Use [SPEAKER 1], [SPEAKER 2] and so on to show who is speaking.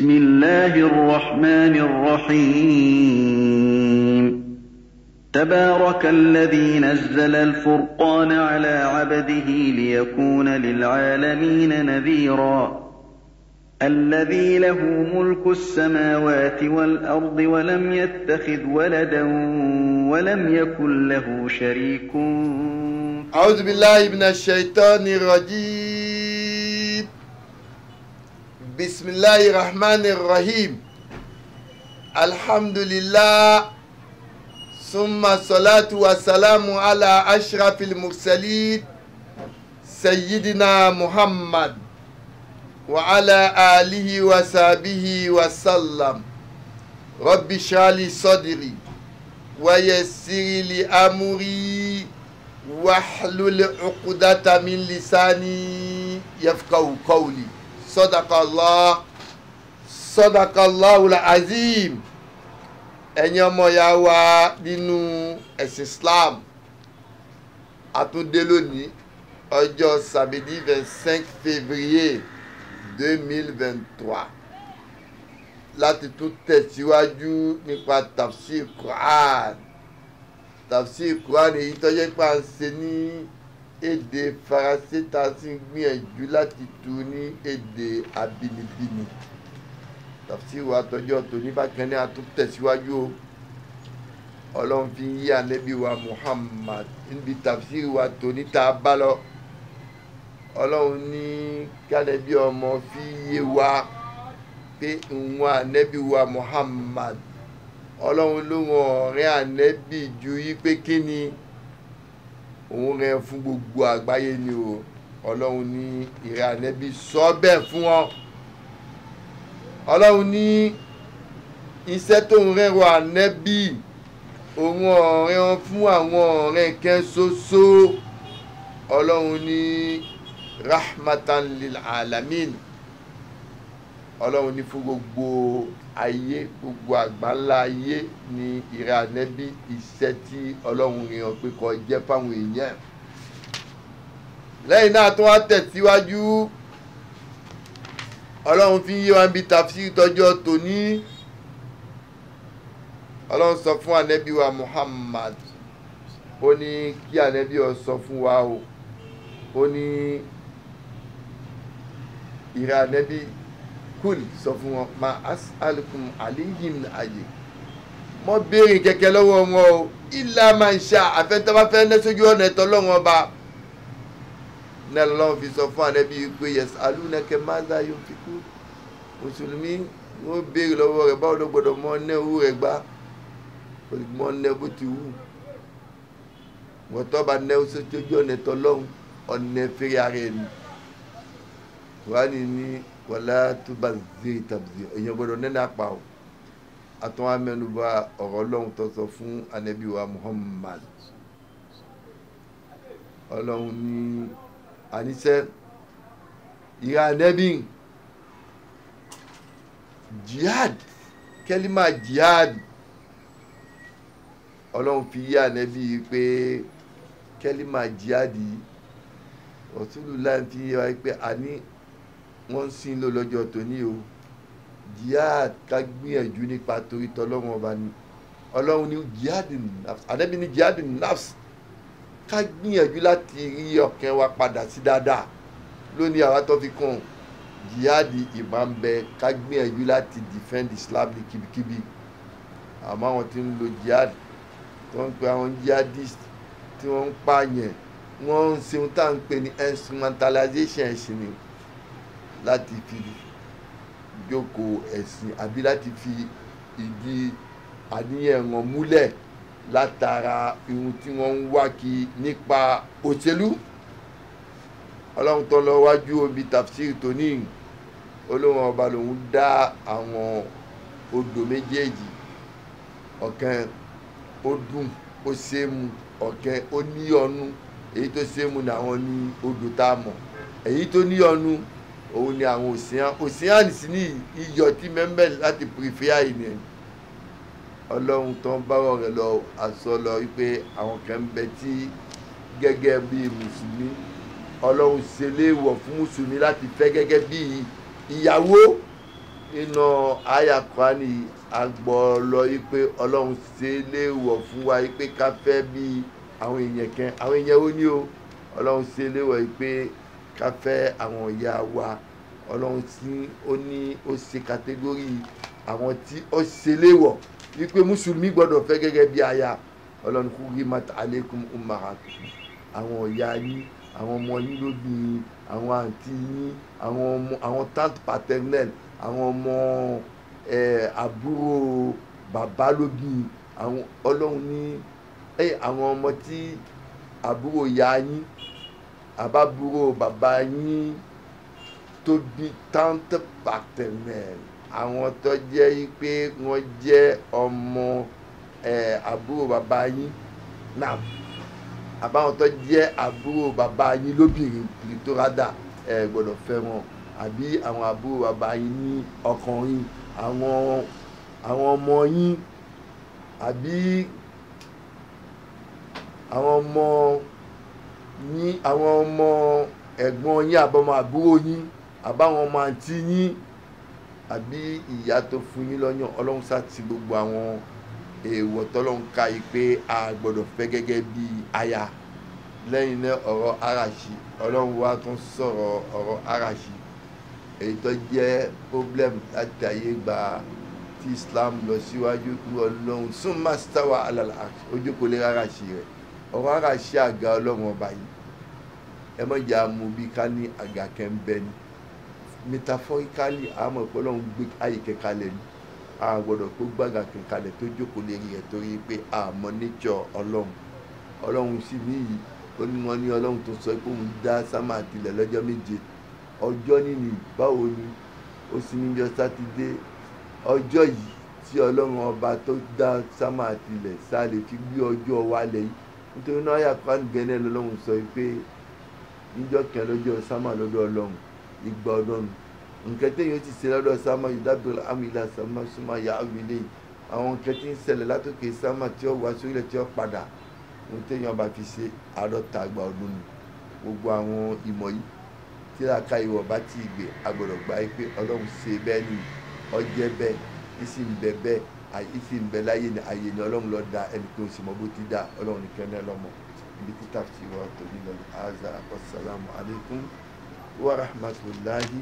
[SPEAKER 1] بسم الله الرحمن الرحيم تبارك الذي نزل الفرقان على عبده ليكون للعالمين نذيرا الذي له ملك السماوات والأرض ولم يتخذ ولدا ولم يكن له شريك أعوذ بالله من الشيطان الرجيم بسم الله الرحمن الرحيم الحمد لله ثم الصلاة والسلام على أشرف المرسلين سيدنا محمد وعلى آله وصحبه وسلم رب شالي صدري ويسر لي أمري واحلل عقدة من لساني يفقه قولي sọ́dàkàlá sọ́dàkàláwùlà azeem ẹ̀yin ọmọ ya wa nínú ẹ̀sìn Islam àtúndé lónìí ọjọ́ samedi vingt cinq février deux mille vingt trois láti tún tẹ̀síwájú nípa tafsir Quran tafsir Quran èyí tó jẹ́ pé à ń ṣe ní èdè faransé ta sì ń gbìyànjú láti tu ní èdè abínibíni tafsiru àtọjọ́ tòní bákan ní àtúntẹ̀síwájú o ọlọ́run fi ń yí ànábì wa muhammad níbi tafsiru wa tòní tá a bá lọ ọlọ́run ní kánẹ́bí ọmọ fi yé wa pé ìwọ̀n ànábì wa muhammad ọlọ́run ló wọn ọ̀rẹ́ ànábì ju yí pé kí ni òun rẹ fún gbogbo àgbáyé ni o ọlọ́run ní ìrẹ́ ànẹ́bí sọ bẹ́ẹ̀ fún wọn ọlọ́run ní iṣẹ́ tóun rẹ̀ wọ ànẹ́bí òun ọ̀rẹ́ wọn fún àwọn ọ̀rẹ́ kan ṣoṣo ọlọ́run ní rahmatan lil alamin. -al ọlọ́run ní fún gbogbo ayé gbogbo àgbáńlá ayé ní ìrẹ́ ànẹ́bí iṣẹ́ tí ọlọ́run yàn pé kó jẹ́ fáwọn èèyàn lẹ́yìn náà tó wá tẹ̀síwájú ọlọ́run fi ń yé wa ń bi tafsir tọjọ́ tòní ọlọ́run sọ fún ànẹ́bí wa Muhammad ó ní kí ànẹ́bí ọ sọ fún wa o ó ní ìrẹ́ ànẹ́bí kúlì sọ fún wọn ma as'alukum alayhim ajr mo béèrè kẹ̀kẹ́ lọ́wọ́ wọn o ilà máa ń ṣá àfẹ́ntọ́ba fẹ́ ná sójú ọ̀nà ẹ̀tọ́ lọ́wọ́ ọba náà lọ́wọ́ fi sọ fún ànábì pé yẹsẹ̀ alúnakẹ́ máza yóò fi kú mùsùlùmí wọ́n béèrè lọ́wọ́ rẹ̀ báwo ló gbọ́dọ̀ mọ ọ́nẹ́ owó rẹ̀ gbá mọ ọ́nẹ́ bó ti wù wọ́n tọ́ ba nẹ́ sójú ọ̀nà ẹ̀tọ́ lọ́wọ́ ọ̀nà fèrè ara ẹ̀ nù kùránì ni wala tó bá zé tàbí èèyàn gbọ́dọ̀ nẹ́nà apá o àtún amẹnuba ọ̀rọ̀ ọlọ́run tó sọ fún anabi muhammad ọlọ́run ní àníṣe ìhà anabi jihad kẹ́límà jihad ọlọ́run fi yí anabi pé kẹ́límà jihad yìí ọ̀túnlùlá fi yí wa pé àní wọ́n ń sin ló lọ́jọ́ tòní o jihad ká gbìyànjú nípa torí tọ́lọ́wọ́n ọba ni ọlọ́run ní jihad nafs àdẹ́bí ní jihad nafs ká gbìyànjú láti rí ọkàn wa padà sí dáadáa lónìí àwa tó fi kàn jihad ìbánbẹ ká gbìyànjú láti defend islam ní kíbikíbi àmọ́ àwọn tí ń lo jihad tó ń pe àwọn jihadist tí wọ́n ń pààyàn wọ́n ń ṣe ohun tá à ń pè ní instrumentalization ẹ̀sìn ni láti fi jókòó ẹ̀sìn àbí láti fi ìdí àníyàn wọn múlẹ̀ látara irun tí wọ́n ń wá kí nípa òṣèlú ọlọ́run tó lọ wájú omi tafsir tóní olóhùn ọba lòun dá àwọn odò méjèèjì ọ̀kan ó dùn ó ṣe ọ̀kan ó ní ọnu èyí tó ṣe làwọn ní odò tá a mọ̀ èyí tó ní ọnu òun ni àwọn òsíán òsíán sì ní iyọ̀ tí mẹ́mbẹ́ láti pìrìfíà ìní ọlọ́run tó ń báwọ̀ rẹ̀ lọ àsọ lọ wípé àwọn kan ń bẹ tí gẹ́gẹ́ bí mùsùlùmí ọlọ́run ṣe léèwọ̀ fún mùsùlùmí láti fẹ́ gẹ́gẹ́ bí ìyàwó iná ayakwani agbọ̀ọ̀lọ́ wípé ọlọ́run ṣe léèwọ̀ fún wa wípé ká fẹ́ bí àwọn èèyàn kan àwọn èèyàn ó ní o ọlọ́run ṣe léèwọ̀ wípé ká fẹ́ àwọn ìyá wa ọlọ́run tí ó ní ó ṣe kàtégórì àwọn tí ó ṣe léwọ̀ wípé mùsùlùmí gbọ́dọ̀ fẹ́ gẹ́gẹ́ bí aya ọlọ́run kú rí mata aleikum umahatu àwọn ìyá yín àwọn ọmọ yín lóbìnrin àwọn àǹtí yín àwọn ọmọ àwọn tant paternel àwọn ọmọ ẹ àbúrò bàbá lóbìnrin àwọn ọlọ́run ní ẹ àwọn ọmọ tí àbúrò ìyá yín àbábúrò bàbá yín tó bí tante partenaire àwọn tó jẹ́ pé wọ́n jẹ́ ọmọ àbúrò bàbá yín náà àbáwọn tó jẹ́ àbúrò bàbá yín lóbìnrin pìtórádà ẹ gbọ́dọ̀ fẹ́ wọn àbí àwọn àbúrò bàbá yín ní ọkùnrin àwọn ọmọ yín àbí àwọn ọmọ yín àwọn ọmọ ẹ̀gbọ́n yín àbọ̀mọ àbúrò yín àbáwọn ọmọ àǹtí yín àbí ìyá tó fún yín lọ́yàn ọlọ́run sá ti gbogbo àwọn èèwọ̀ tọ́lọ́run ká yìí pé a gbọ́dọ̀ fẹ́ gẹ́gẹ́ bí aya lẹ́yìn náà ọ̀rọ̀ arashi ọlọ́run wa tún sọ̀rọ̀ ọ̀rọ̀ arashi èyí tó jẹ́ problem láti ayé gba tí Islam lọ síwájú kúrò lọ́hùn sún máa sáwà rẹ̀ ọmọ ara ṣe àga ọlọ́run ọba yìí ẹ mọ̀ jà mú bí ká ní àga kẹ́ ń bẹ ni metaphorically àmọ́ pé ọlọ́run gbé ayé kẹ́ka lẹ̀ ni a gbọ́dọ̀ kó gbàgà kẹ́ka lẹ̀ tó jókòó lérí rẹ̀ torí pé àmọ́ níjọ ọlọ́run ọlọ́run sì níyì ó ní wọn ní ọlọ́run tó sọ pé òun dá sámà tilẹ̀ lọ́jọ́ méje ọjọ́ nínú báwo ni ó sì níjọ sátidé ọjọ́ yìí tí ọlọ́run ọba tó dá sámà tilẹ̀ sáà fi gbé ọjọ́ wa lẹ̀ nítorí náà àyà kan gẹ́nẹ́ lọ́lọ́run sọ pé níjọ́ kan lọ́jọ́ sámà lọ́dọ̀ ọlọ́run ìgbà ọdún nǹkan téèyàn ti ṣe lọ́dọ̀ sámà yudabbiru amílà sámà súnmọ́ yà á wílé àwọn nǹkan tí ń ṣẹlẹ̀ látòkè sámà tí ó wá sórílẹ̀ tí ó padà ní téèyàn bá fi ṣe àádọ́ta àgbà ọdún ni gbogbo àwọn ìmọ̀ yìí tí làákà ìwọ̀ bá ti gbé agbọ̀dọ̀ gbà pé ọlọ́run ṣe bẹ́ẹ̀ ni ọjẹ́ bẹ́ẹ̀ ní sì bẹ́ẹ̀ àìsí ń bẹ láyé ni àyè ni ọlọ́run ló dá ẹni tó ń sì mọ bó ti dá ọlọ́run nìkan náà lọ́mọ ibi títà sí wa tó ní lọ azza assalamu alaikum wa rahmatulahi